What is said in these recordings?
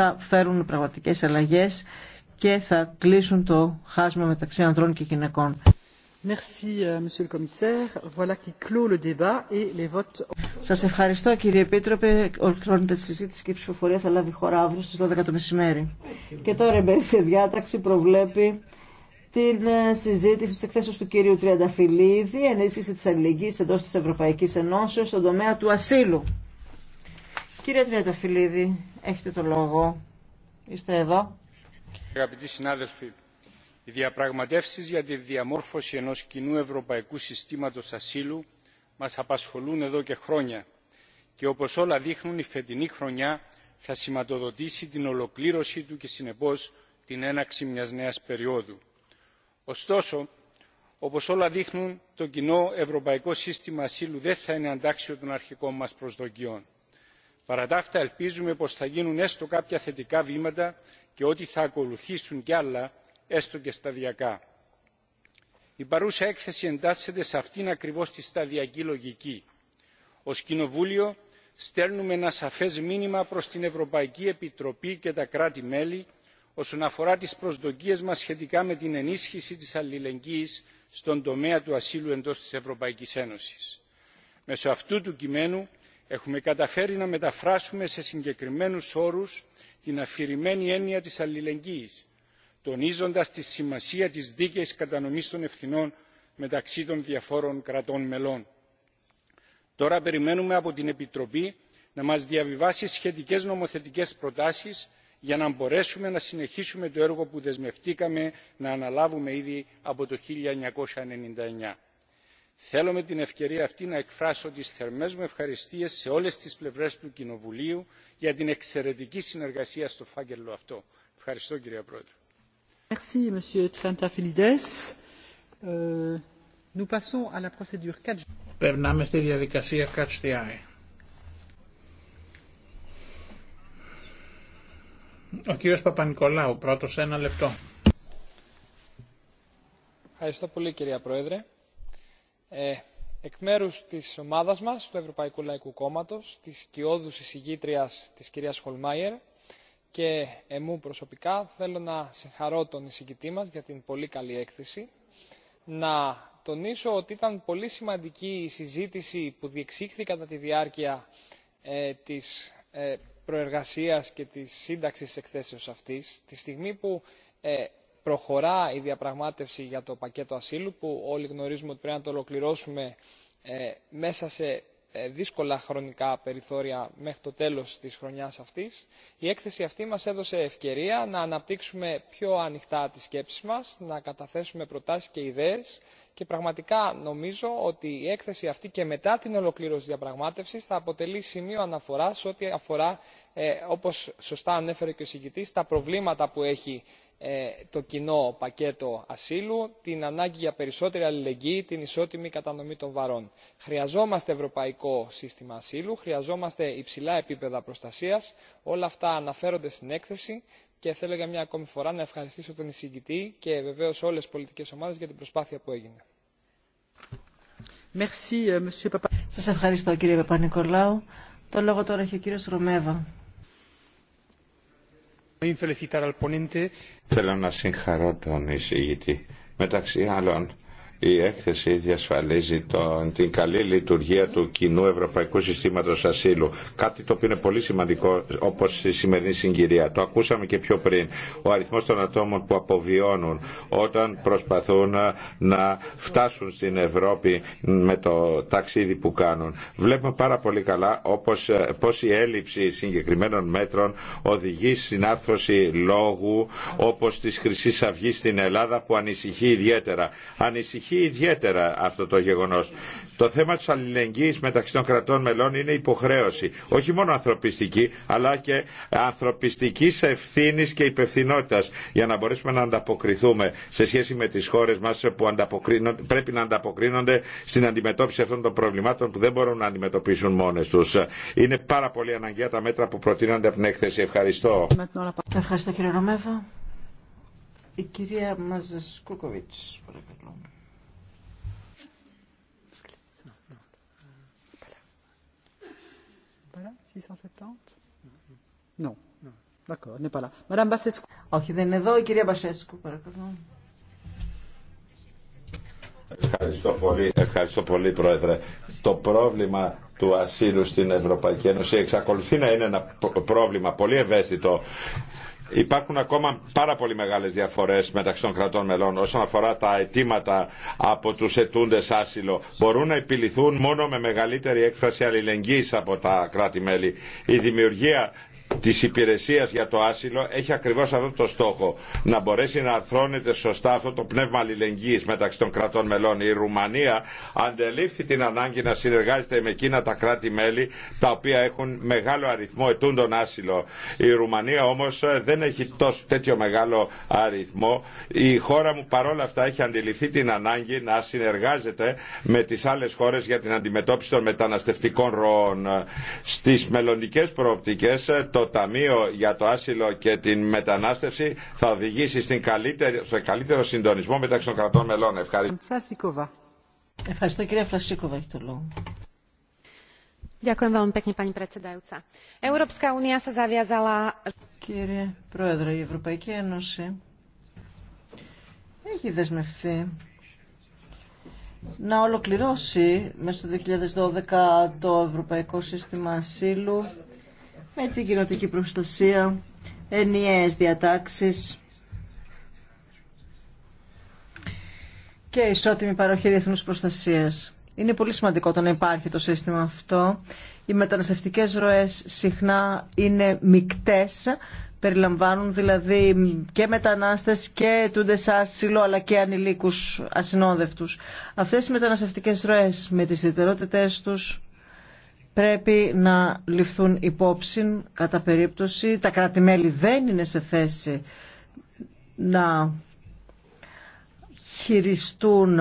θα φέρουν πραγματικές αλλαγές και θα κλείσουν το χάσμα μεταξύ ανδρών και γυναικών. Σας ευχαριστώ κύριε Επίτροπε. Ολοκληρώνεται τη συζήτηση και η ψηφοφορία θα λάβει χώρα αύριο στις 12 το μεσημέρι. Και τώρα η σε διάταξη προβλέπει την ε, συζήτηση της εκθέσεως του κύριου Τριανταφυλλίδη, ενίσχυση της αλληλεγγύης εντός της Ευρωπαϊκής Ενώσεως στον τομέα του ασύλου. Κύριε Τριανταφυλλίδη, Έχετε το λόγο. Είστε εδώ. Αγαπητοί συνάδελφοι, οι διαπραγματεύσεις για τη διαμόρφωση ενός κοινού ευρωπαϊκού συστήματος ασύλου μας απασχολούν εδώ και χρόνια και όπως όλα δείχνουν η φετινή χρονιά θα σηματοδοτήσει την ολοκλήρωση του και συνεπώς την έναξη μια νέα περίοδου. Ωστόσο, όπως όλα δείχνουν, το κοινό ευρωπαϊκό σύστημα ασύλου δεν θα είναι αντάξιο των αρχικών μα προσδοκιών παρά τα αυτά ελπίζουμε πως θα γίνουν έστω κάποια θετικά βήματα και ότι θα ακολουθήσουν κι άλλα έστω και σταδιακά. η παρούσα έκθεση εντάσσεται σε αυτήν ακριβώς τη σταδιακή λογική. ως κοινοβούλιο στέλνουμε ένα σαφές μήνυμα προς την ευρωπαϊκή επιτροπή και τα κράτη μέλη όσον αφορά τις προσδοκίες μας σχετικά με την ενίσχυση της αλληλεγγύης στον τομέα του ασύλου εντός της ευρωπαϊκής ένωσης. μέσω αυτού του κειμένου έχουμε καταφέρει να μεταφράσουμε σε συγκεκριμένους όρους την αφηρημένη έννοια της αλληλεγγύης τονίζοντας τη σημασία της δίκαιης κατανομής των ευθυνών μεταξύ των διαφόρων κρατών μελών. Τώρα περιμένουμε από την Επιτροπή να μας διαβιβάσει σχετικές νομοθετικές προτάσεις για να μπορέσουμε να συνεχίσουμε το έργο που δεσμευτήκαμε να αναλάβουμε ήδη από το 1999. Θέλω με την ευκαιρία αυτή να εκφράσω τις θερμές μου ευχαριστίες σε όλες τις πλευρές του Κοινοβουλίου για την εξαιρετική συνεργασία στο φάκελο αυτό. Ευχαριστώ κυρία Πρόεδρε. Merci Monsieur Trentafilides. Ε, nous passons à la procédure 4. Περνάμε στη διαδικασία 4 Ο κύριος Παπανικολάου, πρώτος ένα λεπτό. Ευχαριστώ πολύ κυρία Πρόεδρε ε, εκ μέρους της ομάδας μας, του Ευρωπαϊκού Λαϊκού Κόμματος, της κοιόδους εισηγήτριας της κυρίας Χολμάιερ και εμού προσωπικά θέλω να συγχαρώ τον εισηγητή μας για την πολύ καλή έκθεση, να τονίσω ότι ήταν πολύ σημαντική η συζήτηση που διεξήχθη κατά τη διάρκεια ε, της ε, προεργασίας και της σύνταξης εκθέσεως αυτής, τη στιγμή που προχωρά η διαπραγμάτευση για το πακέτο ασύλου που όλοι γνωρίζουμε ότι πρέπει να το ολοκληρώσουμε ε, μέσα σε ε, δύσκολα χρονικά περιθώρια μέχρι το τέλος της χρονιάς αυτής. Η έκθεση αυτή μας έδωσε ευκαιρία να αναπτύξουμε πιο ανοιχτά τις σκέψεις μας, να καταθέσουμε προτάσεις και ιδέες και πραγματικά νομίζω ότι η έκθεση αυτή και μετά την ολοκλήρωση διαπραγμάτευσης θα αποτελεί σημείο αναφοράς ό,τι αφορά, ε, όπως σωστά ανέφερε και ο εισηγητής, τα προβλήματα που έχει ε, το κοινό πακέτο ασύλου την ανάγκη για περισσότερη αλληλεγγύη την ισότιμη κατανομή των βαρών. χρειαζόμαστε ευρωπαϊκό σύστημα ασύλου χρειαζόμαστε υψηλά επίπεδα προστασίας όλα αυτά αναφέρονται στην έκθεση και θέλω για μια ακόμη φορά να ευχαριστήσω τον εισηγητή και βεβαίω όλες τις πολιτικέ ομάδε για την προσπάθεια που έγινε. Ε, Σα ευχαριστώ κύριε Παπα-Νικολάου. Το λόγο τώρα έχει ο κύριος Ρωμέβα. Θέλω να συγχαρώ τον εισηγητή. Μεταξύ άλλων, η έκθεση διασφαλίζει τον, την καλή λειτουργία του κοινού Ευρωπαϊκού Συστήματος Ασύλου. Κάτι το οποίο είναι πολύ σημαντικό όπω η σημερινή συγκυρία. Το ακούσαμε και πιο πριν. Ο αριθμός των ατόμων που αποβιώνουν όταν προσπαθούν να φτάσουν στην Ευρώπη με το ταξίδι που κάνουν. Βλέπουμε πάρα πολύ καλά όπως, η έλλειψη συγκεκριμένων μέτρων οδηγεί στην άρθρωση λόγου όπω τη χρυσή αυγή στην Ελλάδα που ανησυχεί ιδιαίτερα ανησυχεί ιδιαίτερα αυτό το γεγονό. Το θέμα τη αλληλεγγύη μεταξύ των κρατών μελών είναι υποχρέωση, όχι μόνο ανθρωπιστική, αλλά και ανθρωπιστική ευθύνη και υπευθυνότητα, για να μπορέσουμε να ανταποκριθούμε σε σχέση με τι χώρε μα που πρέπει να ανταποκρίνονται στην αντιμετώπιση αυτών των προβλημάτων που δεν μπορούν να αντιμετωπίσουν μόνε του. Είναι πάρα πολύ αναγκαία τα μέτρα που προτείνονται από την έκθεση. Ευχαριστώ. Ευχαριστώ κύριε Η κυρία Μαζασκούκοβιτς, παρακαλώ. 670. Mm-hmm. Όχι, δεν είναι εδώ η κυρία Μπασέσκου, παρακαλώ. Ευχαριστώ πολύ, ευχαριστώ πολύ Πρόεδρε. Το πρόβλημα του ασύλου στην Ευρωπαϊκή Ένωση εξακολουθεί να είναι ένα πρόβλημα πολύ ευαίσθητο Υπάρχουν ακόμα πάρα πολύ μεγάλες διαφορές μεταξύ των κρατών μελών όσον αφορά τα αιτήματα από τους ετούντες άσυλο. Μπορούν να επιληθούν μόνο με μεγαλύτερη έκφραση αλληλεγγύης από τα κράτη-μέλη. Η δημιουργία της υπηρεσίας για το άσυλο έχει ακριβώς αυτό το στόχο. Να μπορέσει να αρθρώνεται σωστά αυτό το πνεύμα αλληλεγγύης μεταξύ των κρατών μελών. Η Ρουμανία αντελήφθη την ανάγκη να συνεργάζεται με εκείνα τα κράτη-μέλη τα οποία έχουν μεγάλο αριθμό ετούντων άσυλο. Η Ρουμανία όμως δεν έχει τόσο τέτοιο μεγάλο αριθμό. Η χώρα μου παρόλα αυτά έχει αντιληφθεί την ανάγκη να συνεργάζεται με τις άλλες χώρες για την αντιμετώπιση των μεταναστευτικών ροών. Στις μελλοντικές προοπτικές το Ταμείο για το Άσυλο και την Μετανάστευση θα οδηγήσει στην στο καλύτερο συντονισμό μεταξύ των κρατών μελών. Ευχαριστώ. Φρασίκοβα. Ευχαριστώ κυρία Φρασίκοβα, Κύριε Πρόεδρε, η Ευρωπαϊκή Ένωση έχει δεσμευθεί να ολοκληρώσει μέσα στο 2012 το Ευρωπαϊκό Σύστημα Ασύλου με την κοινωτική προστασία, ενιαίες διατάξεις και ισότιμη παροχή διεθνούς προστασίας. Είναι πολύ σημαντικό το να υπάρχει το σύστημα αυτό. Οι μεταναστευτικές ροές συχνά είναι μικτές, περιλαμβάνουν δηλαδή και μετανάστες και τούντες άσυλο αλλά και ανηλίκους ασυνόδευτους. Αυτές οι μεταναστευτικές ροές με τις ιδιαιτερότητές τους πρέπει να ληφθούν υπόψη κατά περίπτωση. Τα κράτη-μέλη δεν είναι σε θέση να χειριστούν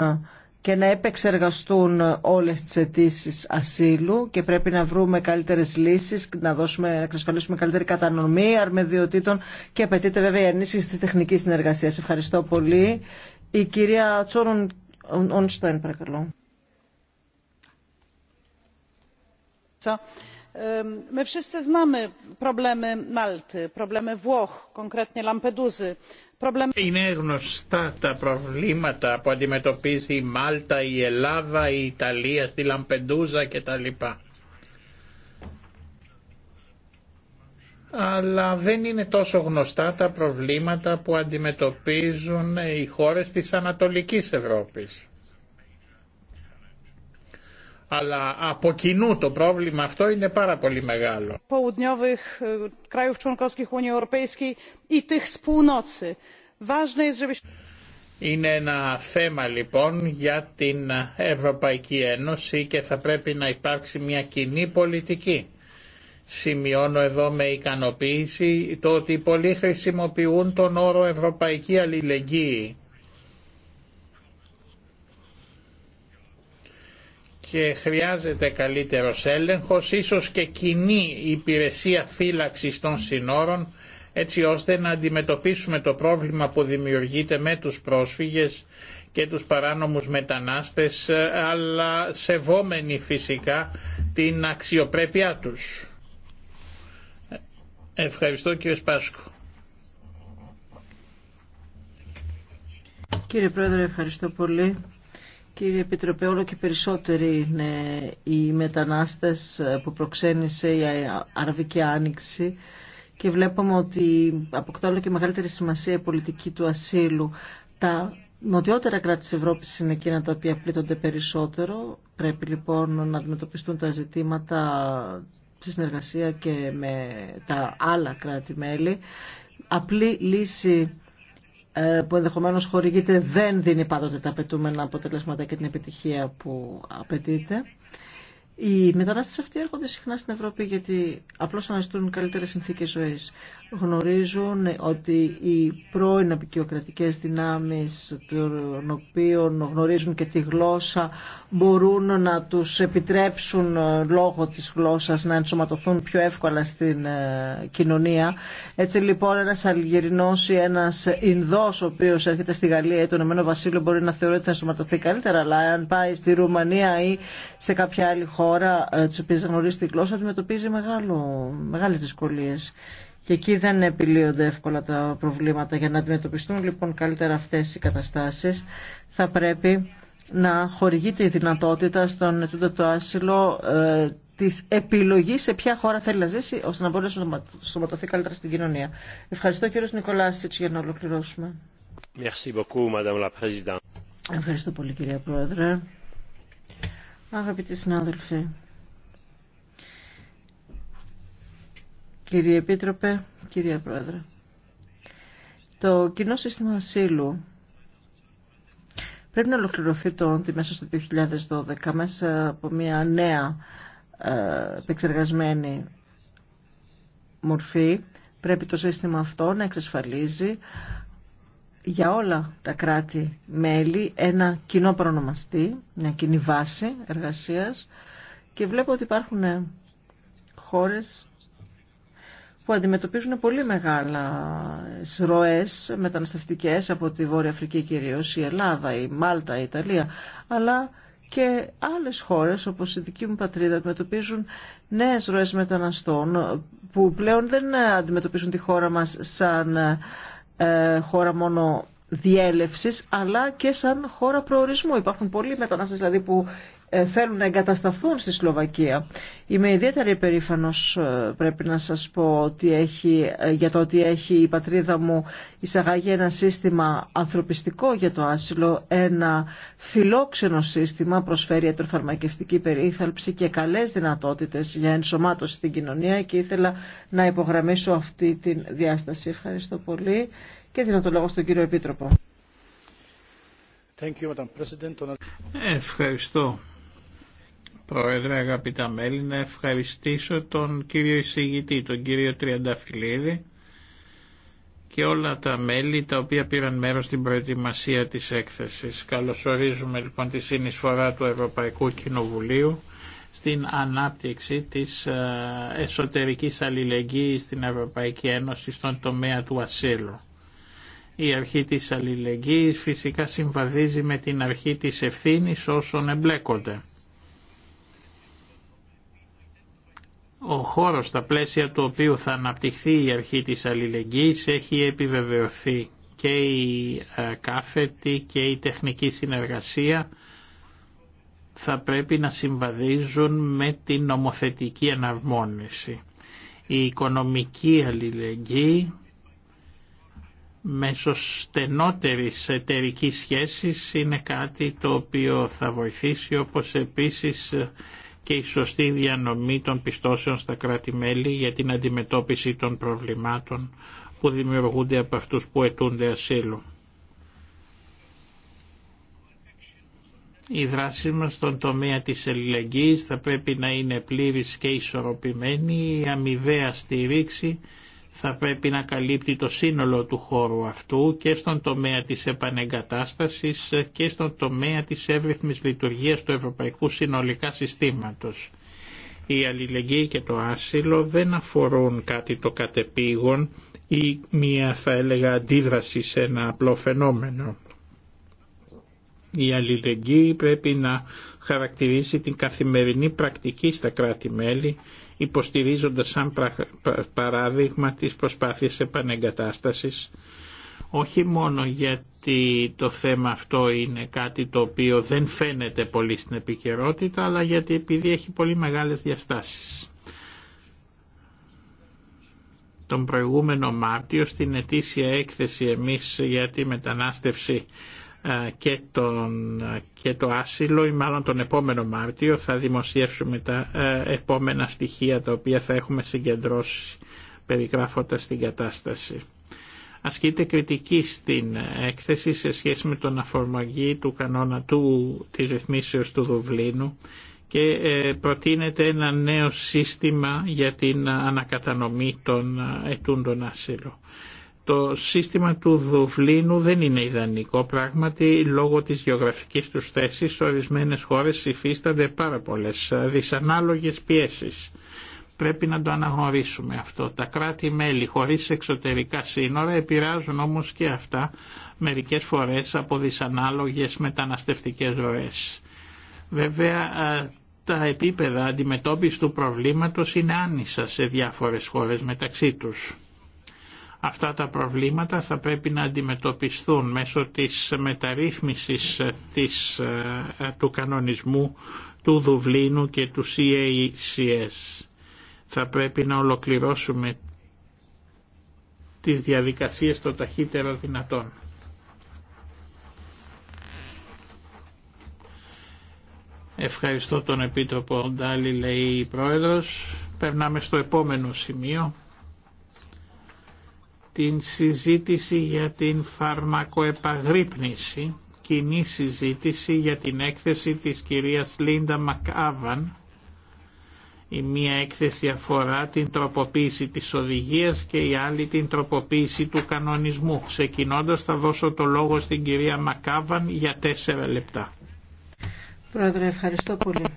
και να επεξεργαστούν όλες τις αιτήσει ασύλου και πρέπει να βρούμε καλύτερες λύσεις, να, δώσουμε, να εξασφαλίσουμε καλύτερη κατανομή αρμεδιοτήτων και απαιτείται βέβαια η ενίσχυση της τεχνικής συνεργασίας. Ευχαριστώ πολύ. Η κυρία Τσόρον παρακαλώ. είναι γνωστά τα προβλήματα που αντιμετωπίζει η μάλτα η ελλάδα η ιταλία στη λαμπεντούζα κτλ. αλλά δεν είναι τόσο γνωστά τα προβλήματα που αντιμετωπίζουν οι χώρες της Ανατολικής Ευρώπης αλλά από κοινού το πρόβλημα αυτό είναι πάρα πολύ μεγάλο. Είναι ένα θέμα λοιπόν για την Ευρωπαϊκή Ένωση και θα πρέπει να υπάρξει μια κοινή πολιτική. Σημειώνω εδώ με ικανοποίηση το ότι πολλοί χρησιμοποιούν τον όρο Ευρωπαϊκή Αλληλεγγύη και χρειάζεται καλύτερος έλεγχος, ίσως και κοινή υπηρεσία φύλαξης των συνόρων, έτσι ώστε να αντιμετωπίσουμε το πρόβλημα που δημιουργείται με τους πρόσφυγες και τους παράνομους μετανάστες, αλλά σεβόμενοι φυσικά την αξιοπρέπειά τους. Ευχαριστώ κύριε Σπάσκο. Κύριε Πρόεδρε, ευχαριστώ πολύ. Κύριε Επιτροπέ, όλο και περισσότεροι είναι οι μετανάστες που προξένησε η Αραβική Άνοιξη και βλέπουμε ότι αποκτά όλο και μεγαλύτερη σημασία η πολιτική του ασύλου. Τα νοτιότερα κράτη της Ευρώπης είναι εκείνα τα οποία πλήττονται περισσότερο. Πρέπει λοιπόν να αντιμετωπιστούν τα ζητήματα στη συνεργασία και με τα άλλα κράτη-μέλη. Απλή λύση ε, που ενδεχομένως χορηγείται δεν δίνει πάντοτε τα απαιτούμενα αποτελέσματα και την επιτυχία που απαιτείται. Οι μετανάστε αυτοί έρχονται συχνά στην Ευρώπη γιατί απλώς αναζητούν καλύτερε συνθήκε ζωή. Γνωρίζουν ότι οι πρώην απεικιοκρατικέ δυνάμεις των οποίων γνωρίζουν και τη γλώσσα μπορούν να του επιτρέψουν ε, λόγω τη γλώσσα, να ενσωματωθούν πιο εύκολα στην ε, κοινωνία. Έτσι λοιπόν ένα Αλγερινό ή ένα Ινδός ο οποίο έρχεται στη Γαλλία ή τον Εμένο Βασίλειο μπορεί να θεωρεί ότι θα ενσωματωθεί καλύτερα αλλά αν πάει στη Ρουμανία ή σε κάποια άλλη χώρα χώρα ε, τη οποία γνωρίζει τη γλώσσα αντιμετωπίζει μεγάλε δυσκολίε. Και εκεί δεν επιλύονται εύκολα τα προβλήματα. Για να αντιμετωπιστούν λοιπόν καλύτερα αυτέ οι καταστάσει, θα πρέπει να χορηγείται η δυνατότητα στον ετούντα το άσυλο ε, τη επιλογή σε ποια χώρα θέλει να ζήσει ώστε να μπορεί να σωματωθεί καλύτερα στην κοινωνία. Ευχαριστώ κύριο Νικολάση για να ολοκληρώσουμε. Ευχαριστώ πολύ κυρία Πρόεδρε. Αγαπητοί συνάδελφοι, κύριε Επίτροπε, κύριε Πρόεδρε, το κοινό σύστημα ασύλου πρέπει να ολοκληρωθεί το μέσα στο 2012 μέσα από μια νέα ε, επεξεργασμένη μορφή. Πρέπει το σύστημα αυτό να εξασφαλίζει για όλα τα κράτη-μέλη ένα κοινό προνομαστή, μια κοινή βάση εργασίας και βλέπω ότι υπάρχουν χώρες που αντιμετωπίζουν πολύ μεγάλα ροές μεταναστευτικές από τη Βόρεια Αφρική κυρίως, η Ελλάδα, η Μάλτα, η Ιταλία, αλλά και άλλες χώρες όπως η δική μου πατρίδα αντιμετωπίζουν νέες ροές μεταναστών που πλέον δεν αντιμετωπίζουν τη χώρα μας σαν ε, χώρα μόνο διέλευσης αλλά και σαν χώρα προορισμού. Υπάρχουν πολλοί μετανάστες δηλαδή που ε, θέλουν να εγκατασταθούν στη Σλοβακία. Είμαι ιδιαίτερα υπερήφανος ε, πρέπει να σας πω ότι έχει, ε, για το ότι έχει η πατρίδα μου εισαγάγει ένα σύστημα ανθρωπιστικό για το άσυλο, ένα φιλόξενο σύστημα, προσφέρει ιατροφαρμακευτική περίθαλψη και καλές δυνατότητες για ενσωμάτωση στην κοινωνία και ήθελα να υπογραμμίσω αυτή τη διάσταση. Ευχαριστώ πολύ και δίνω το λόγο στον κύριο Επίτροπο. Thank you, Madam President. Ευχαριστώ Πρόεδρε, αγαπητά μέλη, να ευχαριστήσω τον κύριο εισηγητή, τον κύριο Τριανταφυλλίδη και όλα τα μέλη τα οποία πήραν μέρος στην προετοιμασία της έκθεσης. Καλωσορίζουμε λοιπόν τη συνεισφορά του Ευρωπαϊκού Κοινοβουλίου στην ανάπτυξη της ε, εσωτερικής αλληλεγγύης στην Ευρωπαϊκή Ένωση στον τομέα του ασύλου. Η αρχή της αλληλεγγύης φυσικά συμβαδίζει με την αρχή της ευθύνης όσων εμπλέκονται. Ο χώρος στα πλαίσια του οποίου θα αναπτυχθεί η αρχή της αλληλεγγύης έχει επιβεβαιωθεί και η ε, κάθετη και η τεχνική συνεργασία θα πρέπει να συμβαδίζουν με την νομοθετική εναρμόνιση. Η οικονομική αλληλεγγύη μέσω στενότερης εταιρικής σχέσης είναι κάτι το οποίο θα βοηθήσει όπως επίσης και η σωστή διανομή των πιστώσεων στα κράτη-μέλη για την αντιμετώπιση των προβλημάτων που δημιουργούνται από αυτούς που αιτούνται ασύλου. Η δράση μας στον τομέα της ελληνικής θα πρέπει να είναι πλήρης και ισορροπημένη, η αμοιβαία στηρίξη θα πρέπει να καλύπτει το σύνολο του χώρου αυτού και στον τομέα της επανεγκατάστασης και στον τομέα της εύρυθμης λειτουργίας του Ευρωπαϊκού Συνολικά Συστήματος. Η αλληλεγγύη και το άσυλο δεν αφορούν κάτι το κατεπήγον ή μία θα έλεγα αντίδραση σε ένα απλό φαινόμενο. Η αλληλεγγύη πρέπει να χαρακτηρίσει την καθημερινή πρακτική στα κράτη-μέλη υποστηρίζοντας σαν παράδειγμα τις προσπάθειες επανεγκατάστασης όχι μόνο γιατί το θέμα αυτό είναι κάτι το οποίο δεν φαίνεται πολύ στην επικαιρότητα αλλά γιατί επειδή έχει πολύ μεγάλες διαστάσεις. Τον προηγούμενο Μάρτιο στην ετήσια έκθεση εμείς για τη μετανάστευση και, και το άσυλο ή μάλλον τον επόμενο Μάρτιο θα δημοσιεύσουμε τα επόμενα στοιχεία τα οποία θα έχουμε συγκεντρώσει περιγράφοντας την κατάσταση. Ασκείται κριτική στην έκθεση σε σχέση με τον αφορμαγή του κανόνα του, της ρυθμίσεως του Δουβλίνου και ε, προτείνεται ένα νέο σύστημα για την ανακατανομή των ετούντων άσυλων το σύστημα του Δουβλίνου δεν είναι ιδανικό πράγματι λόγω της γεωγραφικής του θέσης ορισμένες χώρες υφίστανται πάρα πολλές δυσανάλογες πιέσεις. Πρέπει να το αναγνωρίσουμε αυτό. Τα κράτη-μέλη χωρίς εξωτερικά σύνορα επηρεάζουν όμως και αυτά μερικές φορές από δυσανάλογες μεταναστευτικές ροές. Βέβαια τα επίπεδα αντιμετώπισης του προβλήματος είναι άνισα σε διάφορες χώρες μεταξύ τους. Αυτά τα προβλήματα θα πρέπει να αντιμετωπιστούν μέσω της μεταρρύθμισης ε, της, ε, ε, του κανονισμού του Δουβλίνου και του CACS. Θα πρέπει να ολοκληρώσουμε τις διαδικασίες το ταχύτερο δυνατόν. Ευχαριστώ τον Επίτροπο Ντάλι, λέει η Πρόεδρος. Περνάμε στο επόμενο σημείο την συζήτηση για την φαρμακοεπαγρύπνηση, κοινή συζήτηση για την έκθεση της κυρίας Λίντα Μακάβαν. Η μία έκθεση αφορά την τροποποίηση της οδηγίας και η άλλη την τροποποίηση του κανονισμού. Ξεκινώντας θα δώσω το λόγο στην κυρία Μακάβαν για τέσσερα λεπτά. Πρόεδρε, ευχαριστώ πολύ.